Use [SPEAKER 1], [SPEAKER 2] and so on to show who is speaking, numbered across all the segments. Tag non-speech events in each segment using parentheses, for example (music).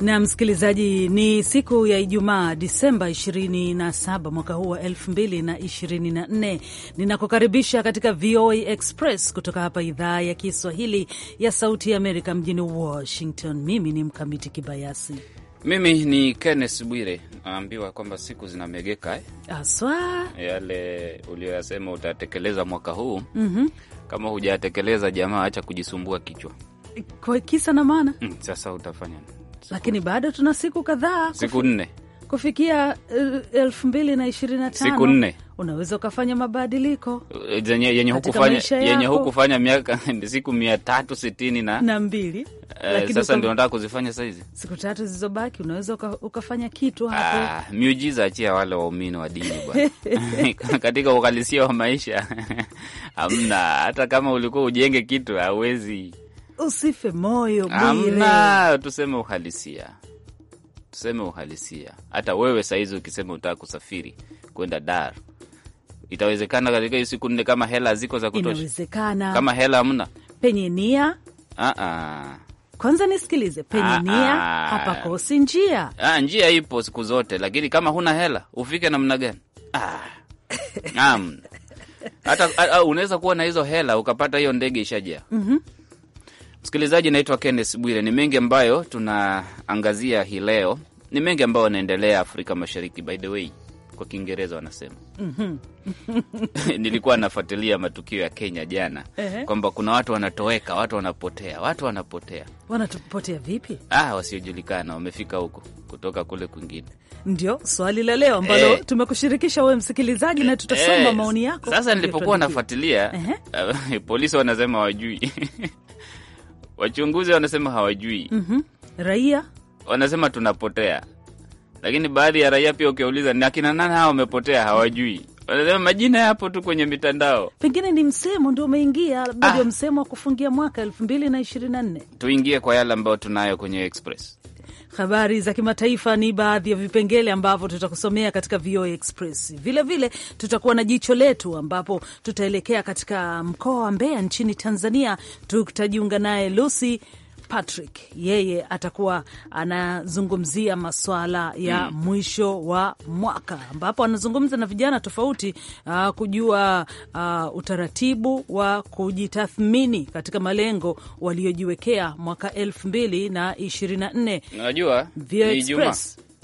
[SPEAKER 1] na msikilizaji, ni siku ya Ijumaa, Disemba 27 mwaka huu wa 2024. Ninakukaribisha katika VOA Express kutoka hapa idhaa ya Kiswahili ya Sauti ya Amerika mjini Washington. Mimi ni Mkamiti Kibayasi.
[SPEAKER 2] Mimi ni Kenneth Bwire. Naambiwa kwamba siku zinamegeka eh?
[SPEAKER 1] Aswa
[SPEAKER 2] yale uliyoyasema utatekeleza mwaka huu mm -hmm. Kama hujatekeleza jamaa, acha kujisumbua kichwa
[SPEAKER 1] kwa kisa na maana
[SPEAKER 2] hmm, sasa utafanya
[SPEAKER 1] lakini bado tuna siku kadhaa, siku nne kufikia eh, elfu mbili na ishirini na tano siku nne unaweza ukafanya mabadiliko
[SPEAKER 2] eh, yenye hukufanya yenye hukufanya miaka (laughs) siku mia tatu sitini na mbili. Eh, sasa ndio nataka kuzifanya saizi,
[SPEAKER 1] siku tatu zilizobaki unaweza ukafanya kitu hapo. Ah,
[SPEAKER 2] miujiza achia wale waumini wa dini bwana (laughs) (laughs) katika uhalisia wa maisha hamna. Hata kama ulikuwa ujenge kitu hauwezi
[SPEAKER 1] usife moyo bure,
[SPEAKER 2] tuseme uhalisia, tuseme uhalisia. Hata wewe sahizi ukisema utaka kusafiri kwenda Dar itawezekana katika hiyo siku nne, kama hela ziko za kutosha?
[SPEAKER 1] Inawezekana kama hela hamna, penye nia
[SPEAKER 2] ah -ah.
[SPEAKER 1] Kwanza nisikilize, penye nia hapakosi njia.
[SPEAKER 2] Ah, njia ipo siku zote, lakini kama huna hela ufike namna gani? Ah, naam hata ah, ah, unaweza kuwa na hizo hela ukapata hiyo ndege ishajaa. mm -hmm. Msikilizaji, naitwa Kenneth Bwire. Ni mengi ambayo tunaangazia hii leo, ni mengi ambayo wanaendelea Afrika Mashariki. By the way, kwa Kiingereza wanasema mm -hmm. (laughs) Nilikuwa nafuatilia matukio ya Kenya jana uh -huh. kwamba kuna watu wanatoweka, watu wanapotea, watu wanapotea.
[SPEAKER 1] Wanapotea vipi?
[SPEAKER 2] Ah, wasiojulikana wamefika huko kutoka kule kwingine.
[SPEAKER 1] Ndio swali la leo ambalo eh, tumekushirikisha wewe msikilizaji, na tutasoma eh, maoni yako. Sasa nilipokuwa
[SPEAKER 2] nafuatilia uh (laughs) -huh. polisi wanasema wajui (laughs) Wachunguzi wanasema hawajui.
[SPEAKER 1] mm -hmm. Raia
[SPEAKER 2] wanasema tunapotea, lakini baadhi ya raia pia ukiuliza ni akina nani hawa wamepotea, hawajui wanasema majina yapo tu kwenye mitandao.
[SPEAKER 1] Pengine ni msemo ndio umeingia, labda ndio ah, msemo wa kufungia mwaka elfu mbili na ishirini na nne.
[SPEAKER 2] Tuingie kwa yale ambayo tunayo kwenye Express.
[SPEAKER 1] Habari za kimataifa ni baadhi ya vipengele ambavyo tutakusomea katika VOA Express. Vilevile tutakuwa na jicho letu, ambapo tutaelekea katika mkoa wa Mbeya nchini Tanzania. Tutajiunga naye Lucy Patrick yeye atakuwa anazungumzia masuala ya mm. mwisho wa mwaka ambapo anazungumza na vijana tofauti uh, kujua uh, utaratibu wa kujitathmini katika malengo waliojiwekea mwaka elfu mbili na ishirini na nne.
[SPEAKER 2] Najua ni Juma,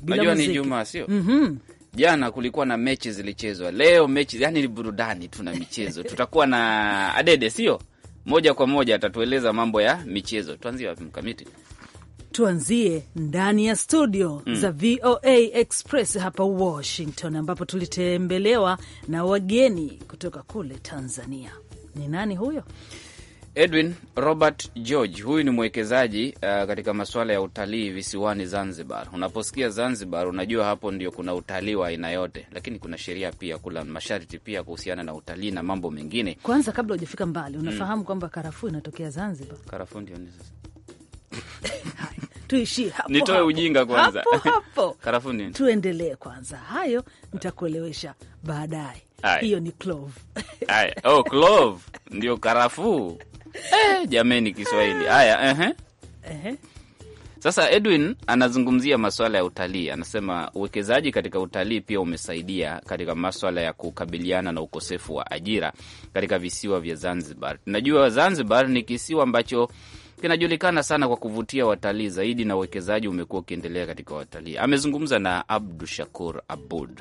[SPEAKER 2] najua ni sio? mm -hmm. Jana kulikuwa na mechi zilichezwa, leo mechi, yani ni burudani tu na michezo. (laughs) Tutakuwa na Adede sio? moja kwa moja atatueleza mambo ya michezo. Tuanzie wapi Mkamiti?
[SPEAKER 1] Tuanzie ndani ya studio mm, za VOA Express hapa Washington, ambapo tulitembelewa na wageni kutoka kule Tanzania. Ni nani huyo?
[SPEAKER 2] Edwin Robert George huyu ni mwekezaji uh, katika masuala ya utalii visiwani Zanzibar. Unaposikia Zanzibar unajua hapo ndio kuna utalii wa aina yote, lakini kuna sheria pia, kuna masharti pia kuhusiana na utalii na mambo mengine.
[SPEAKER 1] Kwanza kabla hujafika mbali, hmm. unafahamu mm, kwamba karafuu inatokea Zanzibar.
[SPEAKER 2] Karafuu ndio ni sasa
[SPEAKER 1] (laughs) tuishie hapo,
[SPEAKER 2] nitoe ujinga kwanza hapo, hapo. (laughs) Karafuu nini?
[SPEAKER 1] Tuendelee kwanza, hayo nitakuelewesha baadaye. Hiyo ni clove.
[SPEAKER 2] Oh, clove ndio karafuu Eh, jameni Kiswahili haya uh -huh. uh -huh. Sasa Edwin anazungumzia maswala ya utalii, anasema uwekezaji katika utalii pia umesaidia katika maswala ya kukabiliana na ukosefu wa ajira katika visiwa vya Zanzibar. Najua Zanzibar ni kisiwa ambacho kinajulikana sana kwa kuvutia watalii zaidi, na uwekezaji umekuwa ukiendelea katika watalii. Amezungumza na Abdu Shakur Abud.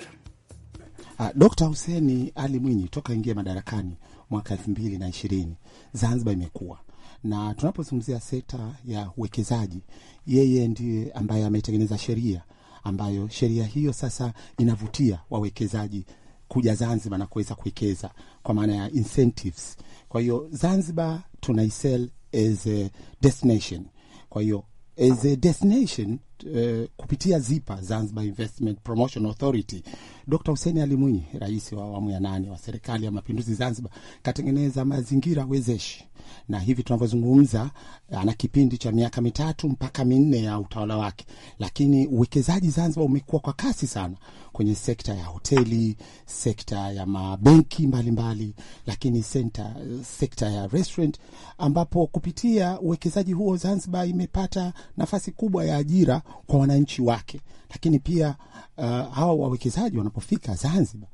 [SPEAKER 3] Ah, Dkt Huseni Ali Mwinyi toka ingia madarakani mwaka elfu mbili na ishirini Zanzibar imekuwa na tunapozungumzia sekta ya uwekezaji, yeye ndiye ambaye ametengeneza sheria ambayo sheria hiyo sasa inavutia wawekezaji kuja Zanzibar na kuweza kuwekeza kwa maana ya incentives. Kwa hiyo Zanzibar tunaisell as a destination, kwa hiyo as a destination uh, kupitia ZIPA, Zanzibar Investment Promotion Authority. Dr. Hussein Ali Mwinyi, rais wa awamu ya nane wa serikali ya mapinduzi Zanzibar, katengeneza mazingira wezeshi na hivi tunavyozungumza ana kipindi cha miaka mitatu mpaka minne ya utawala wake, lakini uwekezaji Zanzibar umekuwa kwa kasi sana kwenye sekta ya hoteli, sekta ya mabenki mbalimbali, lakini senta, sekta ya restaurant, ambapo kupitia uwekezaji huo Zanzibar imepata nafasi kubwa ya ajira kwa wananchi wake, lakini pia uh, hawa wawekezaji wanapofika Zanzibar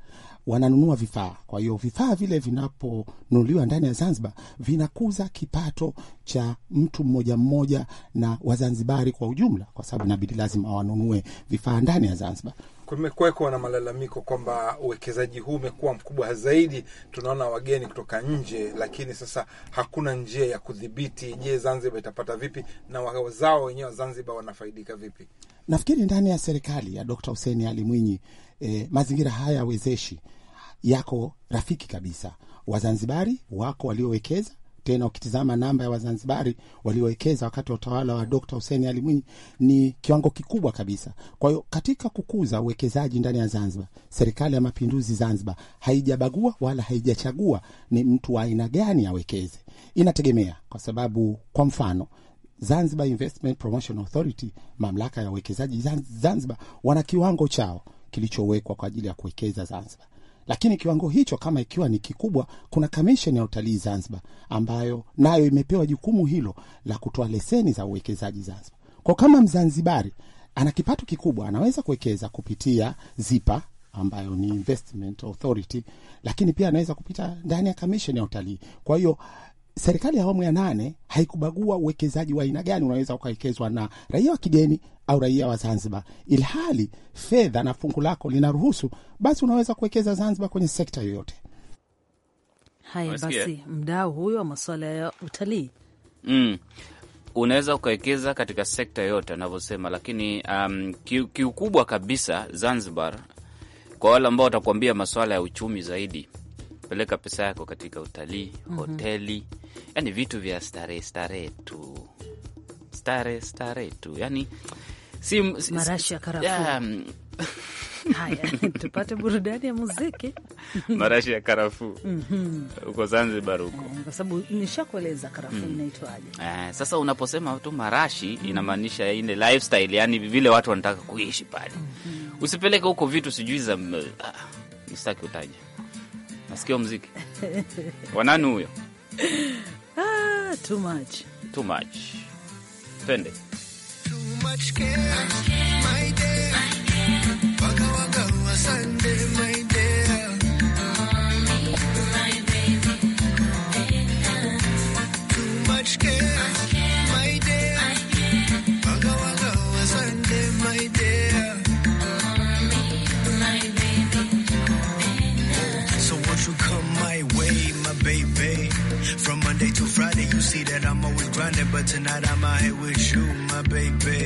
[SPEAKER 3] wananunua vifaa. Kwa hiyo vifaa vile vinaponunuliwa ndani ya Zanzibar vinakuza kipato cha mtu mmoja mmoja na Wazanzibari kwa ujumla, kwa sababu inabidi lazima wanunue vifaa ndani ya Zanzibar.
[SPEAKER 4] Kumekuwekwa na malalamiko kwamba uwekezaji huu umekuwa mkubwa zaidi, tunaona wageni kutoka nje, lakini sasa hakuna njia ya kudhibiti. Je, Zanzibar itapata vipi na wazao wenyewe wa Zanzibar wanafaidika vipi?
[SPEAKER 3] Nafikiri ndani ya serikali ya Dkt. Hussein Ali Mwinyi eh, mazingira haya wezeshi yako rafiki kabisa. Wazanzibari wako waliowekeza tena ukitizama namba ya Wazanzibari waliowekeza wakati wa utawala wa Dkt. huseni Ali Mwinyi ni kiwango kikubwa kabisa. Kwa hiyo katika kukuza uwekezaji ndani ya Zanzibar, serikali ya mapinduzi Zanzibar haijabagua wala haijachagua ni mtu wa aina gani awekeze, inategemea kwa sababu, kwa mfano Zanzibar Investment Promotion Authority, mamlaka ya uwekezaji Zanzibar, wana kiwango chao kilichowekwa kwa ajili ya kuwekeza Zanzibar lakini kiwango hicho kama ikiwa ni kikubwa, kuna kamisheni ya utalii Zanzibar ambayo nayo imepewa jukumu hilo la kutoa leseni za uwekezaji Zanzibar. Kwa kama Mzanzibari ana kipato kikubwa, anaweza kuwekeza kupitia ZIPA ambayo ni Investment Authority, lakini pia anaweza kupita ndani ya kamisheni ya utalii. Kwa hiyo serikali ya awamu ya nane haikubagua uwekezaji wa aina gani unaweza ukawekezwa na raia wa kigeni au raia wa Zanzibar, ilhali fedha na fungu lako linaruhusu, basi unaweza kuwekeza Zanzibar kwenye sekta yoyote.
[SPEAKER 1] Haya basi, mdau huyo wa masuala ya utalii
[SPEAKER 2] mm, unaweza ukawekeza katika sekta yoyote anavyosema, lakini um, kiukubwa kabisa Zanzibar, kwa wale ambao watakuambia masuala ya uchumi zaidi kupeleka pesa yako katika utalii, mm -hmm. hoteli, yani vitu vya starehe starehe tu, starehe starehe tu, yani si, si, marashi ya karafuu.
[SPEAKER 1] (laughs) Haya, tupate burudani ya muziki
[SPEAKER 2] (laughs) marashi ya karafuu mm -hmm. uko Zanzibar huko
[SPEAKER 1] eh, kwa sababu nishakueleza karafuu mm. inaitwaje.
[SPEAKER 2] Eh, sasa unaposema tu marashi mm. -hmm. inamaanisha ile lifestyle, yani vile watu wanataka kuishi pale mm -hmm. usipeleke huko vitu sijui za ah, mstaki utaja nasikia mziki wanani huyo?
[SPEAKER 1] (laughs) Ah,
[SPEAKER 2] too much. Too much. Pende. Too much care.
[SPEAKER 5] see that I'm always grinding, but tonight I'm out here with you, my baby.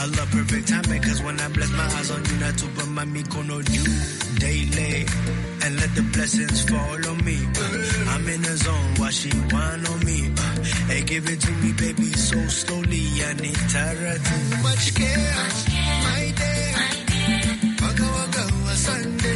[SPEAKER 5] I love perfect timing, cause when I bless my eyes on you, not to but my me no you daily. And let the blessings fall on me. I'm in the zone while she whine on me. Hey, give it to me, baby, so slowly. I need Tara too much care. My day. Waka waka, Sunday.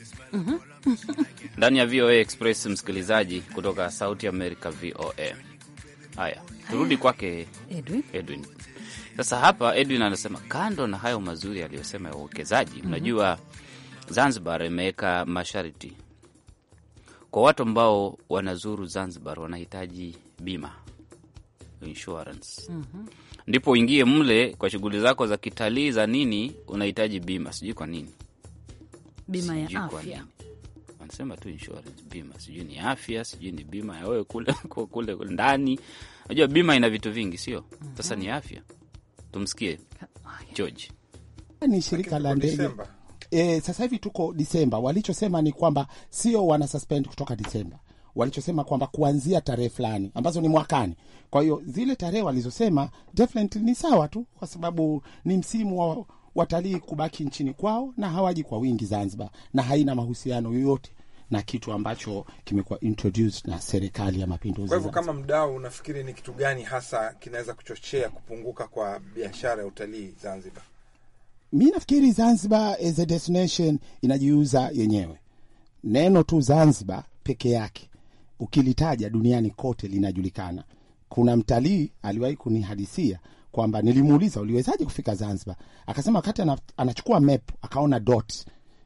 [SPEAKER 5] Mm-hmm.
[SPEAKER 2] ndani ya VOA Express, msikilizaji kutoka Sauti Amerika VOA. Haya, turudi kwake Edwin. Edwin sasa hapa Edwin anasema kando na hayo mazuri aliyosema ya uwekezaji mm -hmm. Zanzibar imeweka masharti kwa watu ambao wanazuru Zanzibar, wanahitaji bima insurance mm -hmm. Ndipo uingie mle kwa shughuli zako za kitalii za nini, unahitaji bima, sijui kwa nini bima ya afya wanasema tu insurance bima, sijui ni afya, sijui ni bima ya wewe kule (laughs) kule ndani. najua bima ina vitu vingi, sio mhm. sasa? Ni afya. Tumsikie George.
[SPEAKER 3] Ni shirika la ndege e, sasa hivi tuko Disemba. Walichosema ni kwamba sio wana suspend kutoka Disemba, walichosema kwamba kuanzia tarehe fulani ambazo ni mwakani. Kwa hiyo zile tarehe walizosema definitely ni sawa tu, kwa sababu ni msimu wa watalii kubaki nchini kwao, na hawaji kwa wingi Zanzibar, na haina mahusiano yoyote na kitu ambacho kimekuwa introduced na serikali ya mapinduzi. Kwa hivyo,
[SPEAKER 4] kama mdau, unafikiri ni kitu gani hasa kinaweza kuchochea kupunguka kwa biashara ya utalii Zanzibar?
[SPEAKER 3] Mi nafikiri Zanzibar as a destination inajiuza yenyewe. Neno tu Zanzibar peke yake ukilitaja duniani kote linajulikana. Kuna mtalii aliwahi kunihadisia kwamba nilimuuliza uliwezaje kufika Zanzibar? Akasema wakati anachukua map akaona dot,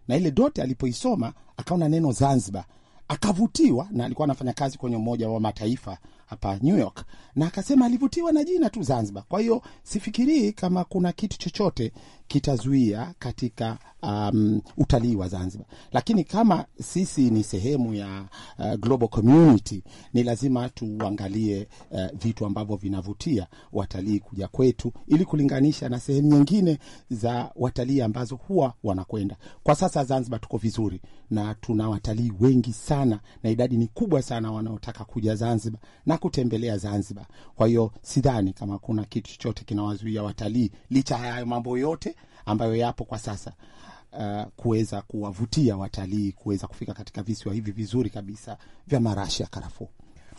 [SPEAKER 3] na ile dot alipoisoma akaona neno Zanzibar akavutiwa, na alikuwa anafanya kazi kwenye Umoja wa Mataifa hapa New York, na akasema alivutiwa na jina tu Zanzibar. Kwa hiyo sifikirii kama kuna kitu chochote kitazuia katika um, utalii wa Zanzibar, lakini kama sisi ni sehemu ya uh, global community, ni lazima tuangalie uh, vitu ambavyo vinavutia watalii kuja kwetu ili kulinganisha na sehemu nyingine za watalii ambazo huwa wanakwenda. Kwa sasa Zanzibar tuko vizuri na tuna watalii wengi sana na idadi ni kubwa sana wanaotaka kuja Zanzibar na kutembelea Zanzibar. Kwa hiyo sidhani kama kuna kitu chochote kinawazuia watalii licha ya hayo mambo yote ambayo yapo kwa sasa uh, kuweza kuwavutia watalii kuweza kufika katika visiwa hivi vizuri kabisa vya marashi ya karafuu.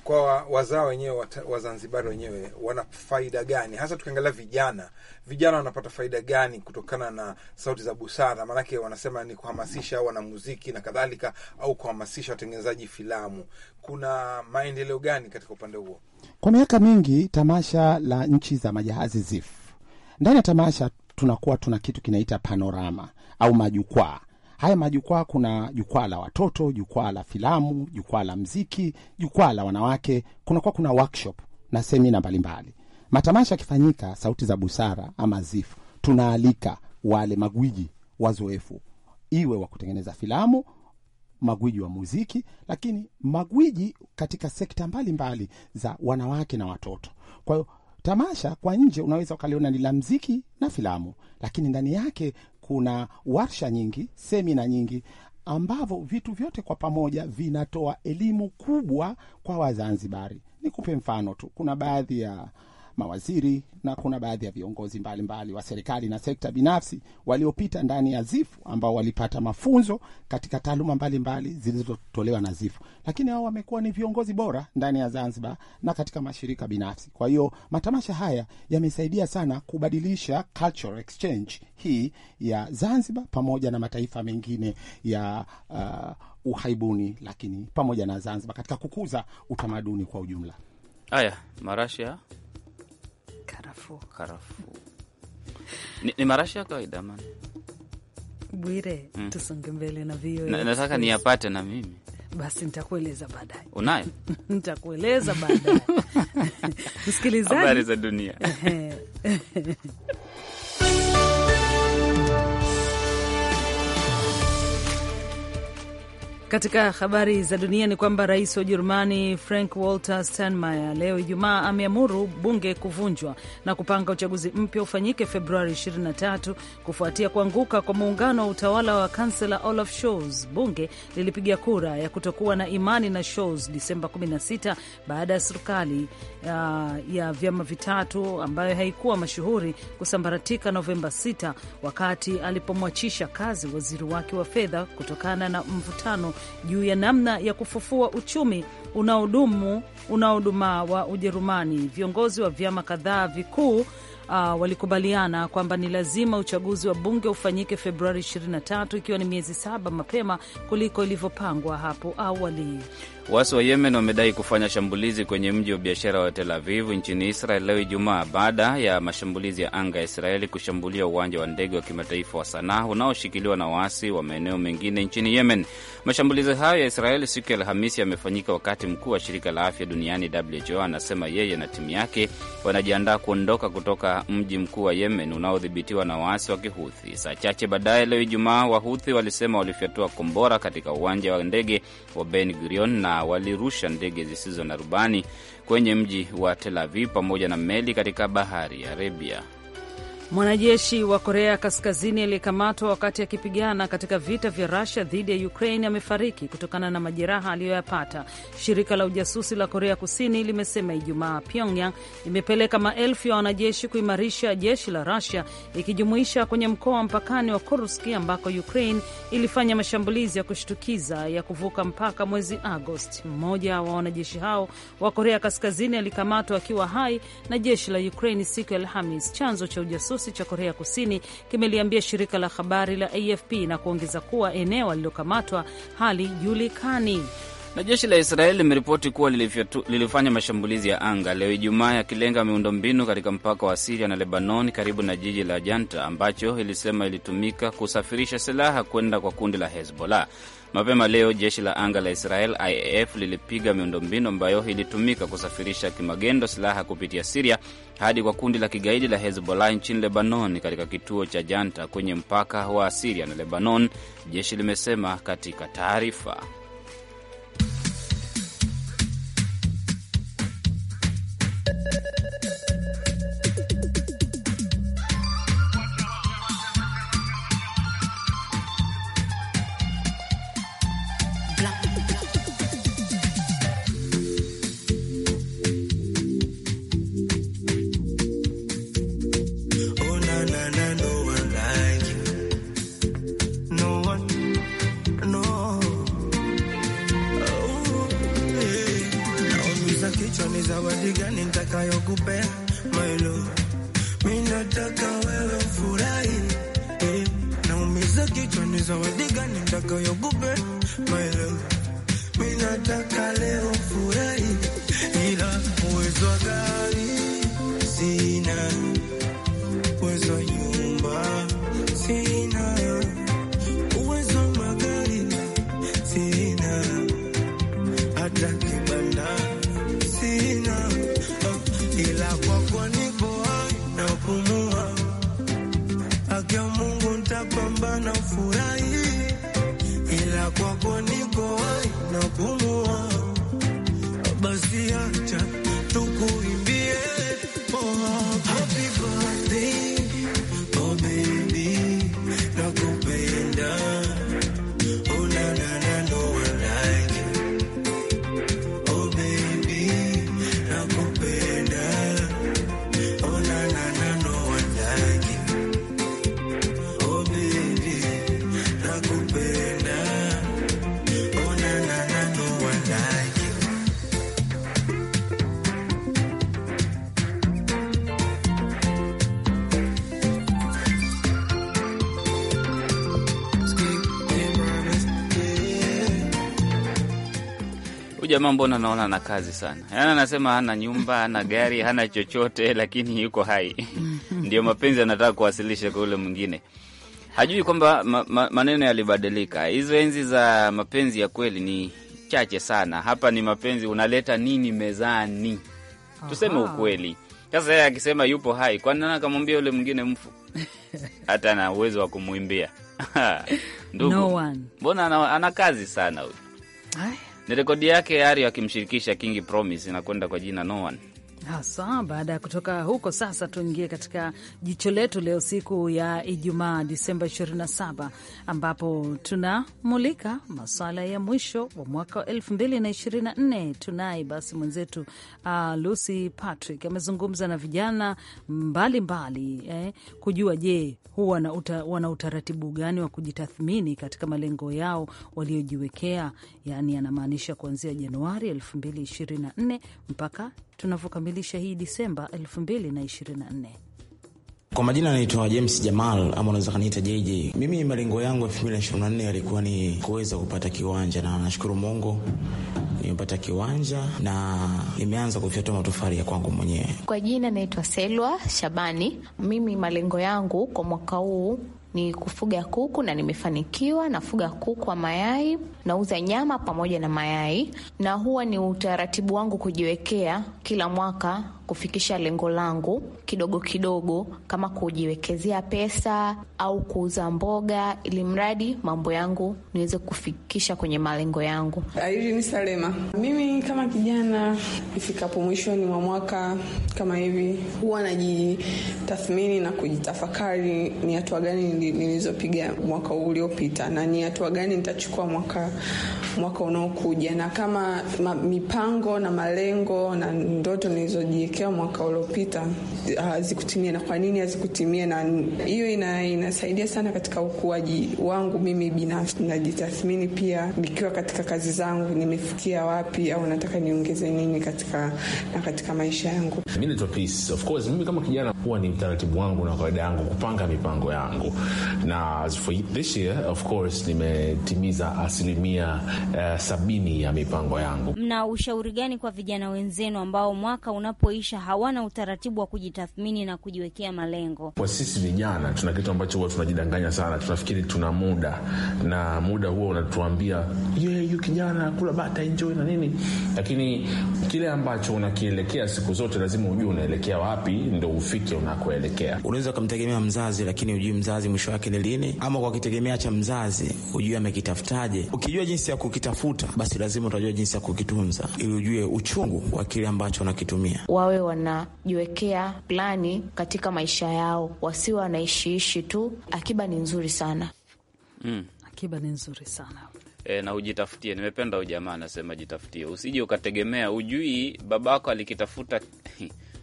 [SPEAKER 4] Kwa wazaa wenyewe Wazanzibari wenyewe wana faida gani hasa? Tukiangalia vijana, vijana wanapata faida gani kutokana na sauti za busara? Maanake wanasema ni kuhamasisha wanamuziki na kadhalika, au kuhamasisha watengenezaji filamu. Kuna maendeleo gani katika upande huo?
[SPEAKER 3] Kwa miaka mingi, tamasha la nchi za majahazi ZIF, ndani ya tamasha tunakuwa tuna kitu kinaita panorama au majukwaa. Haya majukwaa, kuna jukwaa la watoto, jukwaa la filamu, jukwaa la mziki, jukwaa la wanawake, kunakuwa kuna workshop na semina mbalimbali. Matamasha yakifanyika, Sauti za Busara ama ZIFU tunaalika wale magwiji wazoefu, iwe wa kutengeneza filamu magwiji wa muziki, lakini magwiji katika sekta mbalimbali mbali za wanawake na watoto. Kwa hiyo Tamasha kwa nje unaweza ukaliona ni la mziki na filamu, lakini ndani yake kuna warsha nyingi, semina nyingi ambavyo vitu vyote kwa pamoja vinatoa elimu kubwa kwa Wazanzibari. Nikupe mfano tu, kuna baadhi ya mawaziri na kuna baadhi ya viongozi mbalimbali mbali wa serikali na sekta binafsi waliopita ndani ya ZIFU ambao walipata mafunzo katika taaluma mbalimbali zilizotolewa na ZIFU, lakini hao wamekuwa ni viongozi bora ndani ya Zanzibar na katika mashirika binafsi. Kwa hiyo matamasha haya yamesaidia sana kubadilisha cultural exchange hii ya Zanzibar pamoja na mataifa mengine ya uh, uhaibuni lakini pamoja na Zanzibar katika kukuza utamaduni kwa ujumla.
[SPEAKER 2] Haya marasha karafu (laughs) ni, ni marashi ya kawaida man
[SPEAKER 1] Bwire, mm. tusonge mbele na vio na, nataka niyapate na mimi basi nitakueleza baadaye. Unayo? (laughs) nitakueleza baadaye.
[SPEAKER 2] (laughs) Msikilizaji, habari za dunia
[SPEAKER 1] Katika habari za dunia ni kwamba rais wa Ujerumani Frank Walter Steinmeier leo Ijumaa ameamuru bunge kuvunjwa na kupanga uchaguzi mpya ufanyike Februari 23 kufuatia kuanguka kwa muungano wa utawala wa kansela Olaf Scholz. Bunge lilipiga kura ya kutokuwa na imani na Scholz Disemba 16 baada ya serikali ya, uh, ya vyama vitatu ambayo haikuwa mashuhuri kusambaratika Novemba 6 wakati alipomwachisha kazi waziri wake wa fedha kutokana na mvutano juu ya namna ya kufufua uchumi unaodumu unaodumaa wa Ujerumani. Viongozi wa vyama kadhaa vikuu uh, walikubaliana kwamba ni lazima uchaguzi wa bunge ufanyike Februari 23 ikiwa ni miezi saba mapema kuliko ilivyopangwa hapo awali.
[SPEAKER 2] Waasi wa Yemen wamedai kufanya shambulizi kwenye mji wa biashara wa Tel avivu nchini Israel leo Ijumaa, baada ya mashambulizi ya anga ya Israeli kushambulia uwanja wa ndege wa kimataifa wa Sanaa unaoshikiliwa na waasi wa maeneo mengine nchini Yemen. Mashambulizi hayo ya Israeli siku ya Alhamisi yamefanyika wakati mkuu wa shirika la afya duniani WHO anasema yeye na timu yake wanajiandaa kuondoka kutoka mji mkuu wa Yemen unaodhibitiwa na waasi wa Kihuthi. Saa chache baadaye leo Ijumaa, Wahuthi walisema walifyatua kombora katika uwanja wa ndege wa Ben Gurion na walirusha ndege zisizo na rubani kwenye mji wa Tel Aviv pamoja na meli katika bahari ya Arabia.
[SPEAKER 1] Mwanajeshi wa Korea Kaskazini aliyekamatwa wakati akipigana katika vita vya Rusia dhidi ya Ukraine amefariki kutokana na majeraha aliyoyapata, shirika la ujasusi la Korea Kusini limesema Ijumaa. Pyongyang imepeleka maelfu ya wanajeshi kuimarisha jeshi la Rusia, ikijumuisha kwenye mkoa wa mpakani wa Kurski ambako Ukraine ilifanya mashambulizi ya kushtukiza ya kuvuka mpaka mwezi Agosti. Mmoja wa wanajeshi hao wa Korea Kaskazini alikamatwa akiwa hai na jeshi la Ukraine siku ya Alhamis. Chanzo cha ujasusi kijasusi cha Korea Kusini kimeliambia shirika la habari la AFP na kuongeza kuwa eneo alilokamatwa halijulikani
[SPEAKER 2] na jeshi la Israeli limeripoti kuwa lilifanya mashambulizi ya anga leo Ijumaa yakilenga miundombinu katika mpaka wa Siria na Lebanon karibu na jiji la Janta ambacho ilisema ilitumika kusafirisha silaha kwenda kwa kundi la Hezbollah. Mapema leo jeshi la anga la Israel IAF lilipiga miundombinu ambayo ilitumika kusafirisha kimagendo silaha kupitia Siria hadi kwa kundi la kigaidi la Hezbollah nchini Lebanon, katika kituo cha Janta kwenye mpaka wa Siria na Lebanon, jeshi limesema katika taarifa.
[SPEAKER 5] unataka leo furahi, ila uwezo wa gari sina, uwezo wa nyumba sina, uwezo wa magari sina, hata kibanda sina, ila kwako nipo hai na kupumua, akia Mungu ntapambana
[SPEAKER 2] jamaa mbona naona na kazi sana, yaani anasema hana nyumba, hana gari, hana chochote, lakini yuko hai (laughs) ndio mapenzi anataka kuwasilisha kwa yule mwingine. Hajui kwamba ma, ma, maneno yalibadilika. Hizo enzi za mapenzi ya kweli ni chache sana. Hapa ni mapenzi, unaleta nini mezani? Aha. Tuseme ukweli. Sasa yeye akisema yupo hai, kwani nani akamwambia yule mwingine mfu? (laughs) hata ana uwezo wa kumwimbia (laughs) ndugu, mbona no ana, ana kazi sana huyu. Ni rekodi yake Ari akimshirikisha King Promise inakwenda kwa jina No One.
[SPEAKER 1] Hasa baada ya kutoka huko sasa, tuingie katika jicho letu leo, siku ya Ijumaa Disemba 27, ambapo tunamulika maswala ya mwisho wa mwaka wa 2024. Tunaye basi mwenzetu uh, Lucy Patrick amezungumza na vijana mbalimbali mbali, eh, kujua je, huwa uta, wana utaratibu gani wa kujitathmini katika malengo yao waliojiwekea, yani anamaanisha kuanzia Januari 2024 mpaka tunavyokamilisha hii Disemba 2024.
[SPEAKER 3] Kwa majina anaitwa James Jamal ama unaweza kaniita JJ. Mimi malengo yangu 2024 yalikuwa ni kuweza kupata kiwanja na nashukuru Mungu nimepata kiwanja na nimeanza kufyatua matofali ya kwangu mwenyewe.
[SPEAKER 1] Kwa jina naitwa Selwa Shabani. Mimi malengo yangu kwa mwaka huu ni kufuga kuku na nimefanikiwa. Nafuga kuku wa mayai, nauza nyama pamoja na mayai, na huwa ni utaratibu wangu kujiwekea kila mwaka kufikisha lengo langu kidogo kidogo, kama kujiwekezea pesa au kuuza mboga, ili mradi mambo yangu niweze kufikisha kwenye malengo yangu.
[SPEAKER 6] ni Salema. Mimi kama kijana, ifikapo mwishoni mwa mwaka kama hivi, huwa najitathmini na kujitafakari ni hatua gani nilizopiga mwaka uliopita na ni hatua gani nitachukua mwaka, mwaka unaokuja na kama ma, mipango na malengo na ndoto nilizojiwekea mwaka uliopita ah, hazikutimia na kwa nini hazikutimia. Na hiyo ina, inasaidia sana katika ukuaji wangu mimi binafsi. Najitathmini pia nikiwa katika kazi zangu, nimefikia wapi au nataka niongeze nini katika, na katika maisha yangu.
[SPEAKER 3] mimi kama kijana huwa ni utaratibu wangu na kawaida yangu kupanga mipango yangu na for this year, of course nimetimiza asilimia uh, sabini ya mipango yangu.
[SPEAKER 1] Mna ushauri gani kwa vijana wenzenu ambao mwaka unapoisha hawana utaratibu wa kujitathmini na kujiwekea malengo?
[SPEAKER 3] Kwa sisi vijana tuna kitu ambacho huwa tunajidanganya sana, tunafikiri tuna muda na muda huo unatuambia yeah, you kijana kula bata enjoy na nini, lakini kile ambacho unakielekea siku zote lazima ujue unaelekea wapi, ndo ufike unakoelekea. Unaweza ukamtegemea mzazi, lakini ujui mzazi mwisho mwisho wake ni lini, ama kwa kitegemea cha mzazi ujue amekitafutaje. Ukijua jinsi ya kukitafuta, basi lazima utajua jinsi ya kukitunza, ili ujue uchungu wa kile ambacho wanakitumia.
[SPEAKER 1] Wawe wanajiwekea plani katika maisha yao, wasiwe wanaishiishi tu. Akiba ni nzuri sana mm. Akiba ni nzuri sana.
[SPEAKER 2] E, na ujitafutie. Nimependa ujamaa anasema jitafutie, usije ukategemea, ujui babako alikitafuta (laughs)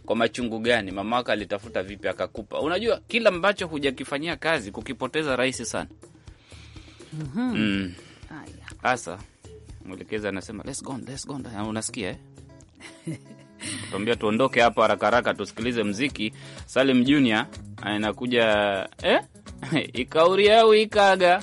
[SPEAKER 2] kwa machungu gani? Mamako alitafuta vipi akakupa? Unajua, kila ambacho hujakifanyia kazi kukipoteza rahisi sana. Mhm. mm -hmm. mm. Hasa mwelekezi anasema let's go, let's go. Ah, unasikia eh? (laughs) Tuambia tuondoke hapa haraka haraka, tusikilize mziki. Salim Junior anakuja eh? (laughs) ikauria au ikaga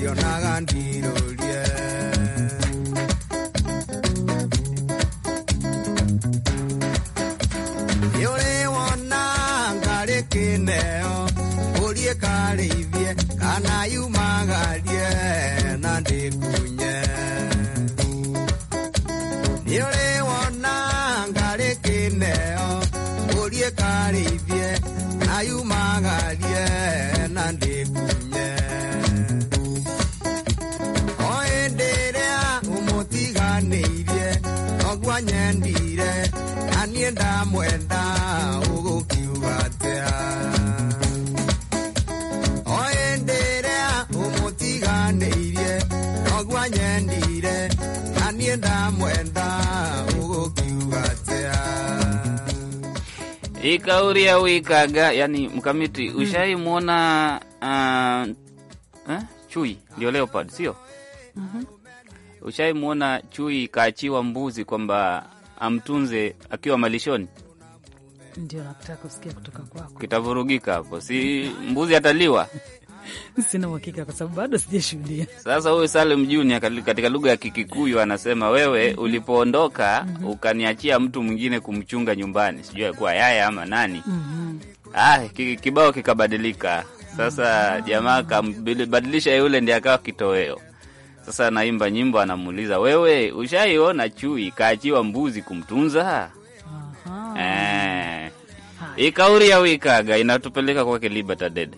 [SPEAKER 6] Dios Nagandino. Y... Ikauri mwenda umutiganiirie
[SPEAKER 2] ikauria wikaga yani mkamiti hmm. Ushaimwona uh, ah, eh? Chui ndio leopard sio? mm -hmm. Ushaimwona chui ikaachiwa mbuzi kwamba amtunze akiwa malishoni.
[SPEAKER 1] Ndio nakutaka kusikia kutoka kwako,
[SPEAKER 2] kitavurugika hapo, si mbuzi ataliwa?
[SPEAKER 1] (laughs) Sina uhakika kwa sababu bado sijashuhudia.
[SPEAKER 2] Sasa huyu salim Junior katika lugha ya Kikikuyu anasema wewe mhm. ulipoondoka, mm -hmm. ukaniachia mtu mwingine kumchunga nyumbani, sijui alikuwa yaya ama nani. mm -hmm. Ah, kibao kikabadilika sasa. mm -hmm. Jamaa akambadilisha yule, ndiye akawa kitoweo sasa naimba nyimbo, anamuuliza wewe, ushaiona chui kaachiwa mbuzi kumtunza? Eh. ikauri ya wikaga inatupeleka kwake Liberta Dede.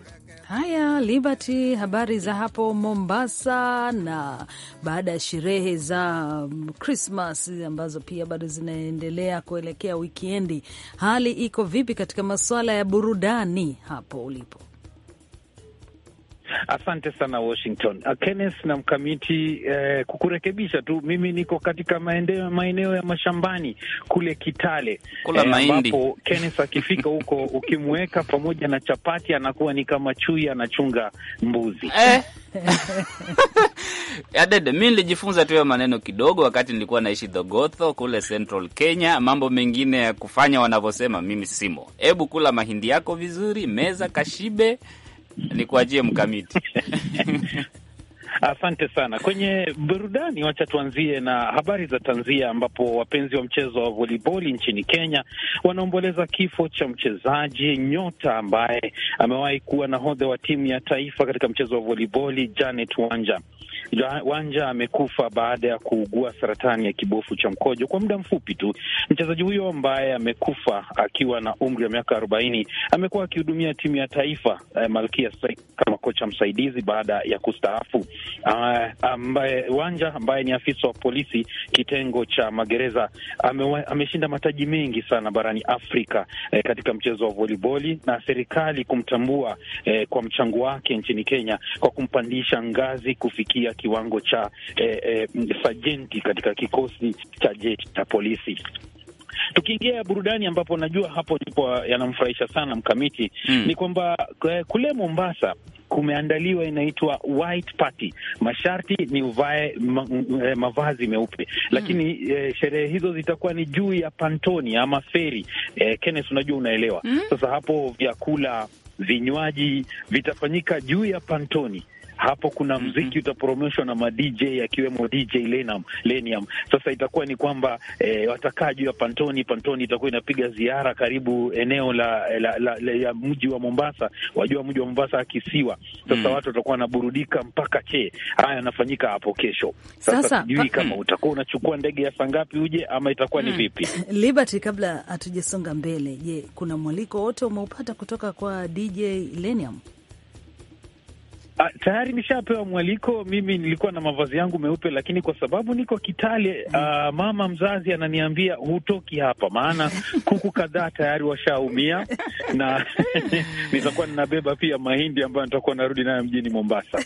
[SPEAKER 1] Haya, Liberty, habari za hapo Mombasa? Na baada ya sherehe za Krismas mm, ambazo pia bado zinaendelea kuelekea wikiendi, hali iko vipi katika masuala ya burudani hapo ulipo?
[SPEAKER 7] Asante sana Washington. Uh, Kenneth na mkamiti eh, kukurekebisha tu, mimi niko katika maeneo ya mashambani kule Kitale eh, ambapo eh, Kenneth akifika (laughs) huko ukimweka pamoja na chapati anakuwa ni kama chui anachunga
[SPEAKER 6] mbuzi eh.
[SPEAKER 2] Adede, (laughs) mi nilijifunza tu hayo maneno kidogo wakati nilikuwa naishi Dhogotho kule Central Kenya. Mambo mengine ya kufanya wanavyosema mimi simo. Hebu kula mahindi yako vizuri, meza kashibe ni kuajie mkamiti (laughs) Asante sana. Kwenye burudani, wacha tuanzie
[SPEAKER 7] na habari za tanzia, ambapo wapenzi wa mchezo wa voliboli nchini Kenya wanaomboleza kifo cha mchezaji nyota ambaye amewahi kuwa nahodha wa timu ya taifa katika mchezo wa voliboli, Janet Wanja. Wanja amekufa baada ya kuugua saratani ya kibofu cha mkojo kwa muda mfupi tu. Mchezaji huyo ambaye amekufa akiwa na umri wa miaka arobaini amekuwa akihudumia timu ya taifa eh, Malkia kama kocha msaidizi baada ya kustaafu. Ah, ambaye Wanja ambaye ni afisa wa polisi kitengo cha magereza ame, ameshinda mataji mengi sana barani Afrika eh, katika mchezo wa voliboli na serikali kumtambua eh, kwa mchango wake nchini Kenya kwa kumpandisha ngazi kufikia kiwango cha eh, eh, sajenti katika kikosi cha jeshi cha polisi. Tukiingia burudani, ambapo najua hapo ndipo yanamfurahisha sana mkamiti hmm. ni kwamba eh, kule Mombasa kumeandaliwa inaitwa white party. Masharti ni uvae ma, eh, mavazi meupe, lakini mm. eh, sherehe hizo zitakuwa ni juu ya pantoni ama feri. Eh, Kenneth, unajua unaelewa mm. Sasa hapo vyakula vinywaji vitafanyika juu ya pantoni hapo kuna mziki mhm. mm -hmm. utaporomeshwa na madj akiwemo DJ Lenam, Lenium. Sasa itakuwa ni kwamba e, watakaa juu ya pantoni. Pantoni itakuwa inapiga ziara karibu eneo la, la, la, la, la mji wa Mombasa, wajua mji wa Mombasa akisiwa. Sasa mm -hmm. watu watakuwa wanaburudika mpaka che haya anafanyika hapo kesho. Sasa sijui kama mm. utakuwa unachukua ndege ya saa ngapi uje ama itakuwa mm -hmm. ni vipi
[SPEAKER 1] Liberty, kabla hatujasonga mbele, je, kuna mwaliko wote umeupata kutoka kwa D BJ Lenium?
[SPEAKER 7] Ah, tayari nishapewa mwaliko. Mimi nilikuwa na mavazi yangu meupe, lakini kwa sababu niko Kitale, uh, mama mzazi ananiambia hutoki hapa, maana (laughs) kuku kadhaa tayari washaumia na (laughs) nitakuwa ninabeba pia mahindi ambayo nitakuwa narudi nayo
[SPEAKER 2] mjini Mombasa.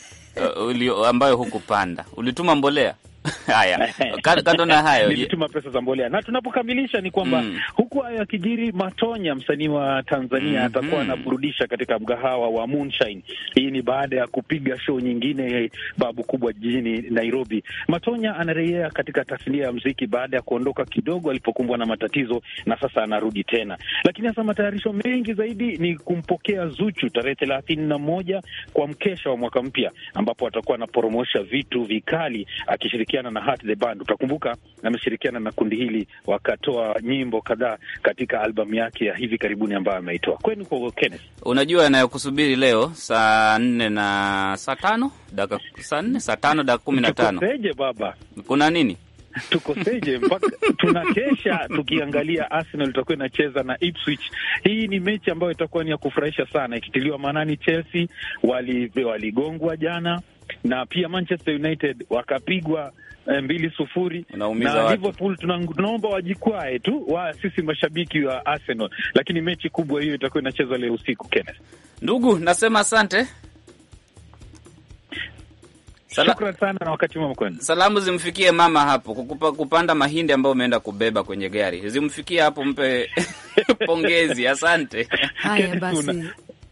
[SPEAKER 2] Uh, ulio, ambayo hukupanda ulituma mbolea (laughs) Haya, kando na (laughs) hayo nilituma pesa za mbolea, na tunapokamilisha ni kwamba mm.
[SPEAKER 7] huku hayo akijiri, Matonya msanii wa Tanzania mm -hmm. atakuwa anaburudisha katika mgahawa wa Moonshine. Hii ni baada ya kupiga show nyingine babu kubwa jijini Nairobi. Matonya anarejea katika tasnia ya mziki baada ya kuondoka kidogo alipokumbwa na matatizo, na sasa anarudi tena, lakini hasa matayarisho mengi zaidi ni kumpokea Zuchu tarehe thelathini na moja kwa mkesha wa mwaka mpya, ambapo atakuwa anaporomosha vitu vikali akishirikia ameshirikiana na Heart the Band. Utakumbuka ameshirikiana na kundi hili wakatoa nyimbo kadhaa katika albamu yake ya hivi karibuni ambayo ameitoa. Kwenu kwa Kenneth,
[SPEAKER 2] unajua yanayokusubiri leo saa nne na saa tano dakika saa nne saa tano dakika kumi na tano tukoseje baba, kuna nini?
[SPEAKER 7] Tukoseje mpaka (laughs) tunakesha tukiangalia Arsenal itakuwa inacheza na Ipswich. Hii ni mechi ambayo itakuwa ni ya kufurahisha sana, ikitiliwa maanani Chelsea waligongwa wali jana na pia Manchester United wakapigwa eh, mbili sufuri na Liverpool. Tunaomba wajikwae tu wa sisi mashabiki wa Arsenal,
[SPEAKER 2] lakini mechi kubwa hiyo itakuwa inachezwa leo usiku. Kenneth ndugu, nasema asante.
[SPEAKER 7] Sala, sana na wakati mwema
[SPEAKER 2] kwenu. Salamu zimfikie mama hapo kukupa, kupanda mahindi ambayo umeenda kubeba kwenye gari, zimfikie hapo, mpe (laughs) pongezi. Asante. Haya
[SPEAKER 7] basi,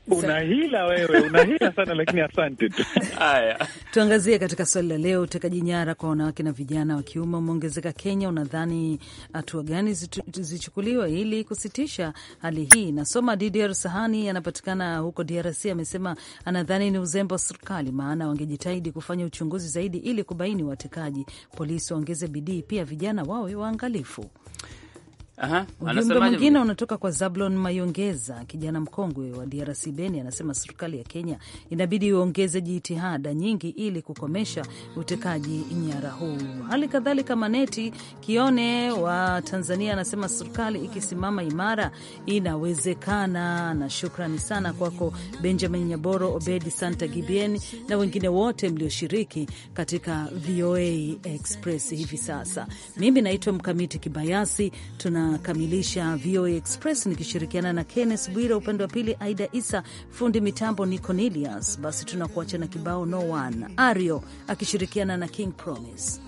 [SPEAKER 7] Unahila wewe, unahila sana lakini asante tu. (laughs) Haya,
[SPEAKER 1] tuangazie katika swali la leo. Utekaji nyara kwa wanawake na vijana wa kiume umeongezeka Kenya. Unadhani hatua gani zichukuliwe ili kusitisha hali hii? Nasoma DDR Sahani anapatikana huko DRC, amesema anadhani ni uzembe wa serikali, maana wangejitahidi kufanya uchunguzi zaidi ili kubaini watekaji. Polisi waongeze bidii, pia vijana wawe waangalifu. Ujumbe mwingine unatoka kwa Zablon Mayongeza, kijana mkongwe wa DRC Beni, anasema serikali ya Kenya inabidi iongeze jitihada nyingi ili kukomesha utekaji nyara huu. Hali kadhalika, Maneti Kione wa Tanzania anasema serikali ikisimama imara inawezekana. Na shukrani sana kwako Benjamin Nyaboro, Obedi Santa Gibien na wengine wote mlioshiriki katika VOA Express hivi sasa. Mimi naitwa Mkamiti Kibayasi, tuna Nakamilisha VOA Express nikishirikiana na Kennes Bwire, upande wa pili Aida Isa, fundi mitambo ni Cornelius. Basi tunakuacha na kibao no one Ario akishirikiana na King Promise.